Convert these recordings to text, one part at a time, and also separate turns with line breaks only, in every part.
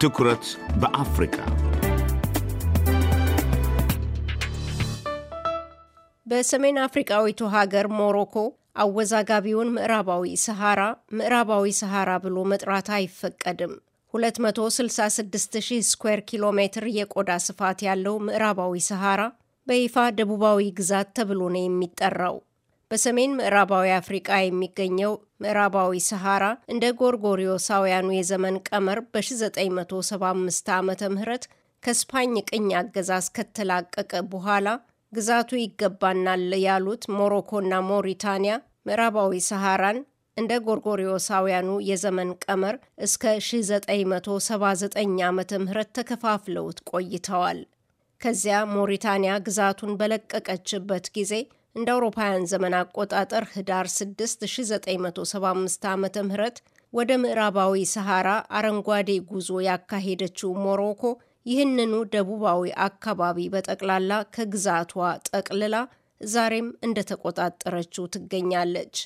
ትኩረት በአፍሪካ
በሰሜን አፍሪቃዊቱ ሀገር ሞሮኮ አወዛጋቢውን ምዕራባዊ ሰሃራ ምዕራባዊ ሰሃራ ብሎ መጥራት አይፈቀድም። 266,000 ስኩዌር ኪሎ ሜትር የቆዳ ስፋት ያለው ምዕራባዊ ሰሃራ በይፋ ደቡባዊ ግዛት ተብሎ ነው የሚጠራው። በሰሜን ምዕራባዊ አፍሪቃ የሚገኘው ምዕራባዊ ሰሃራ እንደ ጎርጎሪዮሳውያኑ የዘመን ቀመር በ1975 ዓ ም ከስፓኝ ቅኝ አገዛዝ ከተላቀቀ በኋላ ግዛቱ ይገባናል ያሉት ሞሮኮና ሞሪታንያ ምዕራባዊ ሰሃራን እንደ ጎርጎሪዮሳውያኑ የዘመን ቀመር እስከ 1979 ዓ ም ተከፋፍለውት ቆይተዋል። ከዚያ ሞሪታንያ ግዛቱን በለቀቀችበት ጊዜ እንደ አውሮፓውያን ዘመን አቆጣጠር ህዳር 6 1975 ዓ ም ወደ ምዕራባዊ ሰሐራ አረንጓዴ ጉዞ ያካሄደችው ሞሮኮ ይህንኑ ደቡባዊ አካባቢ በጠቅላላ ከግዛቷ ጠቅልላ ዛሬም እንደተቆጣጠረችው ትገኛለች።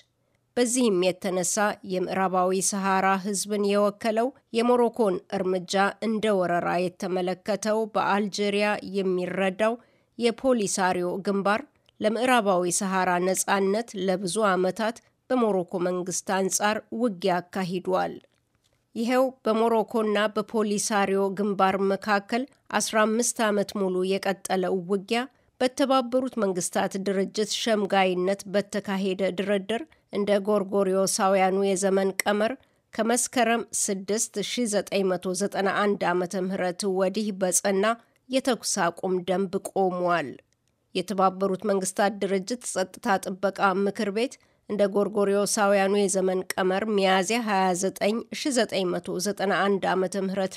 በዚህም የተነሳ የምዕራባዊ ሰሐራ ህዝብን የወከለው የሞሮኮን እርምጃ እንደ ወረራ የተመለከተው በአልጄሪያ የሚረዳው የፖሊሳሪዮ ግንባር ለምዕራባዊ ሰሐራ ነጻነት ለብዙ ዓመታት በሞሮኮ መንግስት አንጻር ውጊያ አካሂዷል። ይኸው በሞሮኮና በፖሊሳሪዮ ግንባር መካከል 15 ዓመት ሙሉ የቀጠለው ውጊያ በተባበሩት መንግስታት ድርጅት ሸምጋይነት በተካሄደ ድርድር እንደ ጎርጎሪዮሳውያኑ የዘመን ቀመር ከመስከረም 6991 ዓ ም ወዲህ በጸና የተኩስ አቁም ደንብ ቆሟል። የተባበሩት መንግስታት ድርጅት ጸጥታ ጥበቃ ምክር ቤት እንደ ጎርጎሪዮሳውያኑ የዘመን ቀመር ሚያዝያ 29 1991 ዓ ም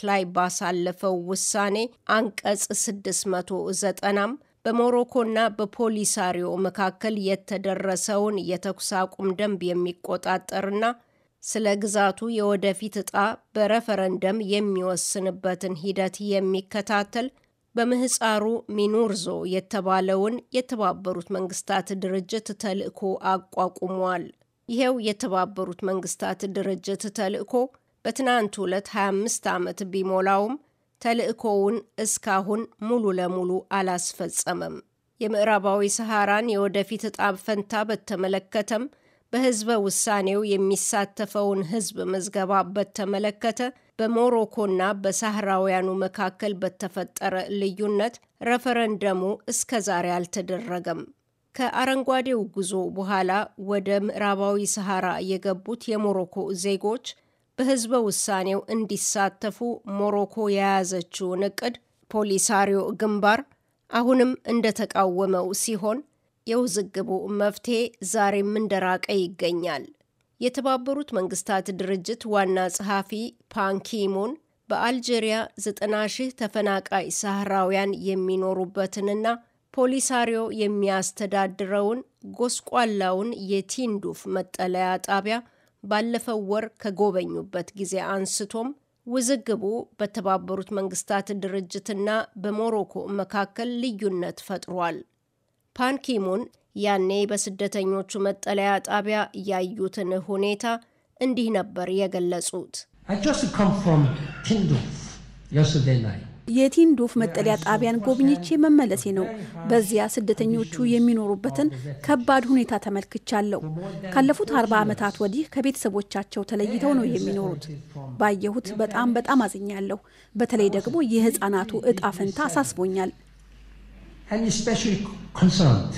ላይ ባሳለፈው ውሳኔ አንቀጽ 690ም በሞሮኮና በፖሊሳሪዮ መካከል የተደረሰውን የተኩስ አቁም ደንብ የሚቆጣጠርና ስለ ግዛቱ የወደፊት ዕጣ በረፈረንደም የሚወስንበትን ሂደት የሚከታተል በምህፃሩ ሚኑርዞ የተባለውን የተባበሩት መንግስታት ድርጅት ተልእኮ አቋቁሟል። ይሄው የተባበሩት መንግስታት ድርጅት ተልእኮ በትናንት ዕለት 25 ዓመት ቢሞላውም ተልእኮውን እስካሁን ሙሉ ለሙሉ አላስፈጸመም። የምዕራባዊ ሰሃራን የወደፊት እጣ ፈንታ በተመለከተም በህዝበ ውሳኔው የሚሳተፈውን ህዝብ ምዝገባ በተመለከተ በሞሮኮና በሳህራውያኑ መካከል በተፈጠረ ልዩነት ረፈረንደሙ እስከ ዛሬ አልተደረገም። ከአረንጓዴው ጉዞ በኋላ ወደ ምዕራባዊ ሰሃራ የገቡት የሞሮኮ ዜጎች በህዝበ ውሳኔው እንዲሳተፉ ሞሮኮ የያዘችውን እቅድ ፖሊሳሪዮ ግንባር አሁንም እንደተቃወመው ሲሆን የውዝግቡ መፍትሄ ዛሬም እንደራቀ ይገኛል። የተባበሩት መንግስታት ድርጅት ዋና ጸሐፊ ፓንኪሙን በአልጄሪያ 9 ሺህ ተፈናቃይ ሳህራውያን የሚኖሩበትንና ፖሊሳሪዮ የሚያስተዳድረውን ጎስቋላውን የቲንዱፍ መጠለያ ጣቢያ ባለፈው ወር ከጎበኙበት ጊዜ አንስቶም ውዝግቡ በተባበሩት መንግስታት ድርጅትና በሞሮኮ መካከል ልዩነት ፈጥሯል። ፓንኪሙን ያኔ በስደተኞቹ መጠለያ ጣቢያ ያዩትን ሁኔታ እንዲህ ነበር የገለጹት። የቲንዶፍ
መጠለያ ጣቢያን ጎብኝቼ መመለሴ ነው። በዚያ ስደተኞቹ የሚኖሩበትን ከባድ ሁኔታ ተመልክቻለሁ። ካለፉት አርባ ዓመታት ወዲህ ከቤተሰቦቻቸው ተለይተው ነው የሚኖሩት። ባየሁት በጣም በጣም አዝኛለሁ። በተለይ ደግሞ የህፃናቱ እጣ
ፈንታ አሳስቦኛል። and especially
concerned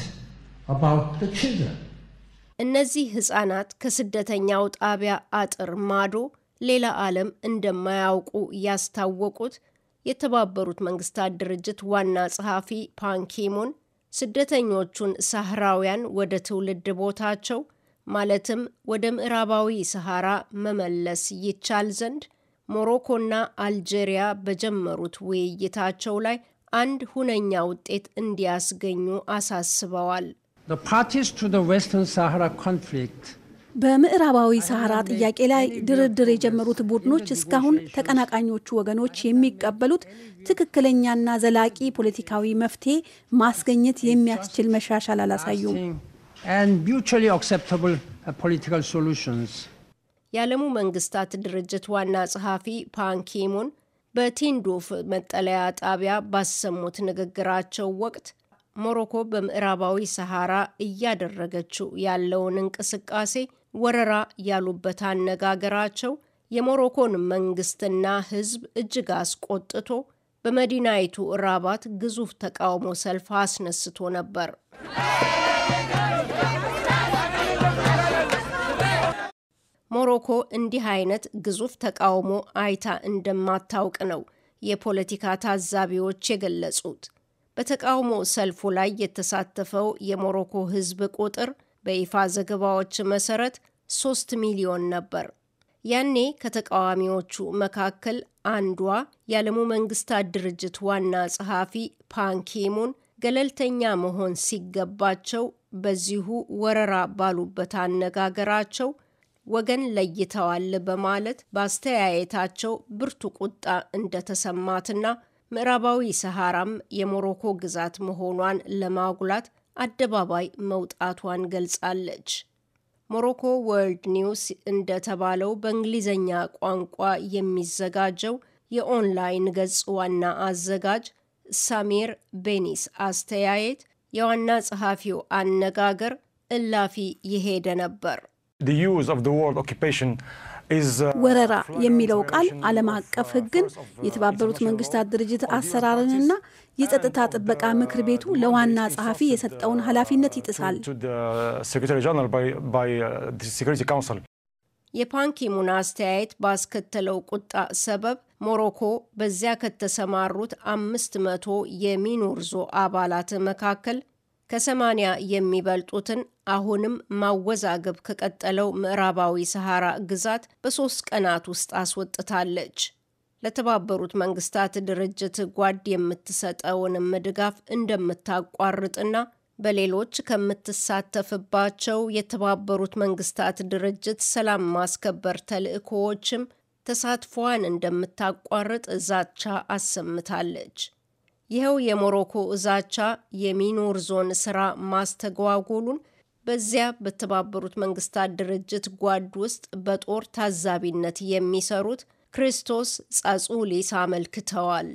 about the children.
እነዚህ ህጻናት ከስደተኛው ጣቢያ አጥር ማዶ ሌላ ዓለም እንደማያውቁ ያስታወቁት የተባበሩት መንግስታት ድርጅት ዋና ጸሐፊ ፓንኪሙን ስደተኞቹን ሳህራውያን ወደ ትውልድ ቦታቸው ማለትም ወደ ምዕራባዊ ሰሐራ መመለስ ይቻል ዘንድ ሞሮኮና አልጄሪያ በጀመሩት ውይይታቸው ላይ አንድ ሁነኛ ውጤት እንዲያስገኙ አሳስበዋል። በምዕራባዊ ሳህራ ጥያቄ ላይ
ድርድር የጀመሩት ቡድኖች እስካሁን ተቀናቃኞቹ ወገኖች የሚቀበሉት ትክክለኛና ዘላቂ ፖለቲካዊ መፍትሄ ማስገኘት የሚያስችል መሻሻል አላሳዩም። uh,
የዓለሙ መንግስታት ድርጅት ዋና ጸሐፊ ፓንኪሙን በቲንዶፍ መጠለያ ጣቢያ ባሰሙት ንግግራቸው ወቅት ሞሮኮ በምዕራባዊ ሰሃራ እያደረገችው ያለውን እንቅስቃሴ ወረራ ያሉበት አነጋገራቸው የሞሮኮን መንግስትና ሕዝብ እጅግ አስቆጥቶ በመዲናይቱ ራባት ግዙፍ ተቃውሞ ሰልፍ አስነስቶ ነበር። ሞሮኮ እንዲህ አይነት ግዙፍ ተቃውሞ አይታ እንደማታውቅ ነው የፖለቲካ ታዛቢዎች የገለጹት። በተቃውሞ ሰልፉ ላይ የተሳተፈው የሞሮኮ ሕዝብ ቁጥር በይፋ ዘገባዎች መሰረት ሶስት ሚሊዮን ነበር። ያኔ ከተቃዋሚዎቹ መካከል አንዷ የዓለሙ መንግስታት ድርጅት ዋና ጸሐፊ ፓንኪሙን ገለልተኛ መሆን ሲገባቸው በዚሁ ወረራ ባሉበት አነጋገራቸው ወገን ለይተዋል በማለት በአስተያየታቸው ብርቱ ቁጣ እንደተሰማትና ምዕራባዊ ሰሃራም የሞሮኮ ግዛት መሆኗን ለማጉላት አደባባይ መውጣቷን ገልጻለች። ሞሮኮ ወርልድ ኒውስ እንደተባለው በእንግሊዝኛ ቋንቋ የሚዘጋጀው የኦንላይን ገጽ ዋና አዘጋጅ ሳሚር ቤኒስ አስተያየት የዋና ጸሐፊው አነጋገር እላፊ የሄደ ነበር። Uh,
ወረራ የሚለው ቃል ዓለም አቀፍ ሕግን የተባበሩት መንግስታት ድርጅት አሰራርንና የጸጥታ ጥበቃ ምክር ቤቱ ለዋና ጸሐፊ uh, የሰጠውን ኃላፊነት ይጥሳል። uh,
የፓንኪሙን አስተያየት ባስከተለው ቁጣ ሰበብ ሞሮኮ በዚያ ከተሰማሩት አምስት መቶ የሚኖርዞ አባላት መካከል ከሰማንያ የሚበልጡትን አሁንም ማወዛገብ ከቀጠለው ምዕራባዊ ሰሐራ ግዛት በሦስት ቀናት ውስጥ አስወጥታለች። ለተባበሩት መንግስታት ድርጅት ጓድ የምትሰጠውንም ድጋፍ እንደምታቋርጥና በሌሎች ከምትሳተፍባቸው የተባበሩት መንግስታት ድርጅት ሰላም ማስከበር ተልዕኮዎችም ተሳትፏን እንደምታቋርጥ ዛቻ አሰምታለች። ይኸው የሞሮኮ እዛቻ የሚኖር ዞን ስራ ማስተጓጎሉን በዚያ በተባበሩት መንግስታት ድርጅት ጓድ ውስጥ በጦር ታዛቢነት የሚሰሩት ክርስቶስ ጻጹሊስ አመልክተዋል።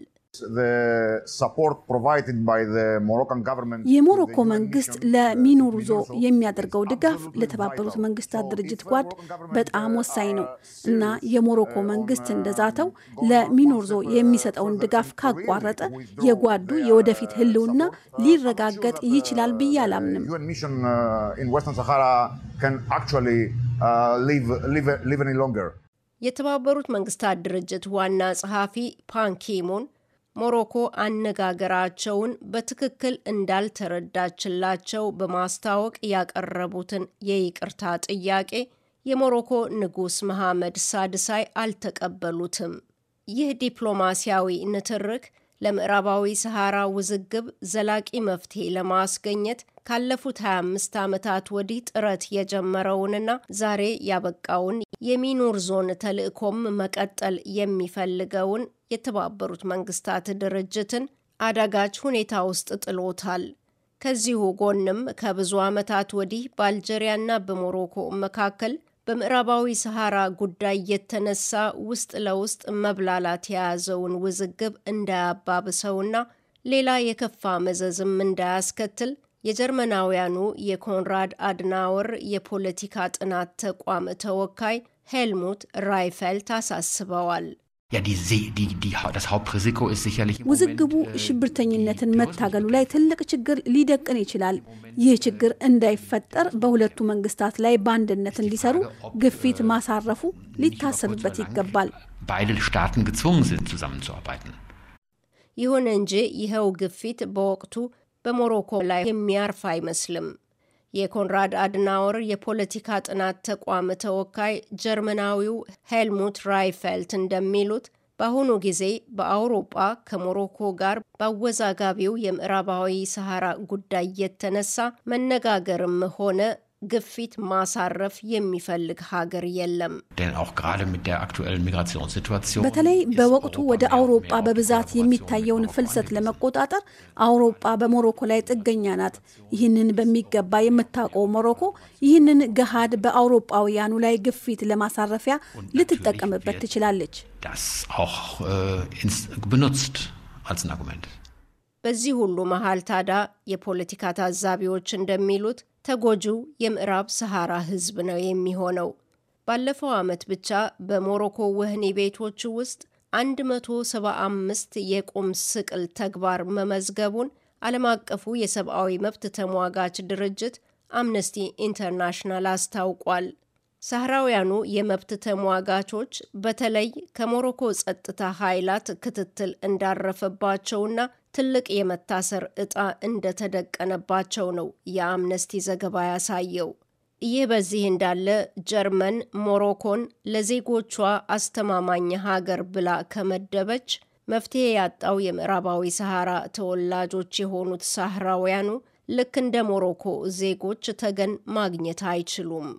የሞሮኮ መንግስት uh, ለሚኑርዞ
የሚያደርገው ድጋፍ ለተባበሩት መንግስታት ድርጅት ጓድ በጣም uh, ወሳኝ ነው uh, እና የሞሮኮ መንግስት እንደዛተው ለሚኑርዞ የሚሰጠውን ድጋፍ ካቋረጠ የጓዱ የወደፊት ህልውና ሊረጋገጥ ይችላል ብዬ አላምንም።
የተባበሩት መንግስታት ድርጅት ዋና ጸሐፊ ፓንኪሙን ሞሮኮ አነጋገራቸውን በትክክል እንዳልተረዳችላቸው በማስታወቅ ያቀረቡትን የይቅርታ ጥያቄ የሞሮኮ ንጉሥ መሐመድ ሳድሳይ አልተቀበሉትም። ይህ ዲፕሎማሲያዊ ንትርክ ለምዕራባዊ ሰሐራ ውዝግብ ዘላቂ መፍትሄ ለማስገኘት ካለፉት 25 ዓመታት ወዲህ ጥረት የጀመረውንና ዛሬ ያበቃውን የሚኑር ዞን ተልዕኮም መቀጠል የሚፈልገውን የተባበሩት መንግስታት ድርጅትን አዳጋች ሁኔታ ውስጥ ጥሎታል። ከዚሁ ጎንም ከብዙ ዓመታት ወዲህ በአልጀሪያና በሞሮኮ መካከል በምዕራባዊ ሰሐራ ጉዳይ የተነሳ ውስጥ ለውስጥ መብላላት የያዘውን ውዝግብ እንዳያባብሰውና ሌላ የከፋ መዘዝም እንዳያስከትል የጀርመናውያኑ የኮንራድ አድናወር የፖለቲካ ጥናት ተቋም ተወካይ ሄልሙት ራይፈልት አሳስበዋል።
ውዝግቡ äh, ሽብርተኝነትን መታገሉ ላይ ትልቅ ችግር ሊደቅን ይችላል። ይህ ችግር እንዳይፈጠር በሁለቱ መንግስታት ላይ በአንድነት እንዲሰሩ ግፊት ማሳረፉ ሊታሰብበት
ይገባል። ይሁን እንጂ ይኸው ግፊት በወቅቱ በሞሮኮ ላይ የሚያርፍ አይመስልም። የኮንራድ አድናወር የፖለቲካ ጥናት ተቋም ተወካይ ጀርመናዊው ሄልሙት ራይፈልት እንደሚሉት በአሁኑ ጊዜ በአውሮጳ ከሞሮኮ ጋር በአወዛጋቢው የምዕራባዊ ሰሐራ ጉዳይ የተነሳ መነጋገርም ሆነ ግፊት ማሳረፍ የሚፈልግ ሀገር የለም። በተለይ በወቅቱ ወደ አውሮጳ በብዛት የሚታየውን ፍልሰት
ለመቆጣጠር አውሮጳ በሞሮኮ ላይ ጥገኛ ናት። ይህንን በሚገባ የምታውቀው ሞሮኮ ይህንን ገሃድ በአውሮጳውያኑ ላይ ግፊት ለማሳረፊያ
ልትጠቀምበት ትችላለች። äh, በዚህ ሁሉ መሀል ታዳ የፖለቲካ ታዛቢዎች እንደሚሉት ተጎጂው የምዕራብ ሰሃራ ህዝብ ነው የሚሆነው። ባለፈው ዓመት ብቻ በሞሮኮ ወህኒ ቤቶች ውስጥ 175 የቁም ስቅል ተግባር መመዝገቡን ዓለም አቀፉ የሰብአዊ መብት ተሟጋች ድርጅት አምነስቲ ኢንተርናሽናል አስታውቋል። ሳህራውያኑ የመብት ተሟጋቾች በተለይ ከሞሮኮ ጸጥታ ኃይላት ክትትል እንዳረፈባቸውና ትልቅ የመታሰር ዕጣ እንደተደቀነባቸው ነው የአምነስቲ ዘገባ ያሳየው። ይህ በዚህ እንዳለ ጀርመን ሞሮኮን ለዜጎቿ አስተማማኝ ሀገር ብላ ከመደበች መፍትሄ ያጣው የምዕራባዊ ሰሐራ ተወላጆች የሆኑት ሳህራውያኑ ልክ እንደ ሞሮኮ ዜጎች ተገን ማግኘት አይችሉም።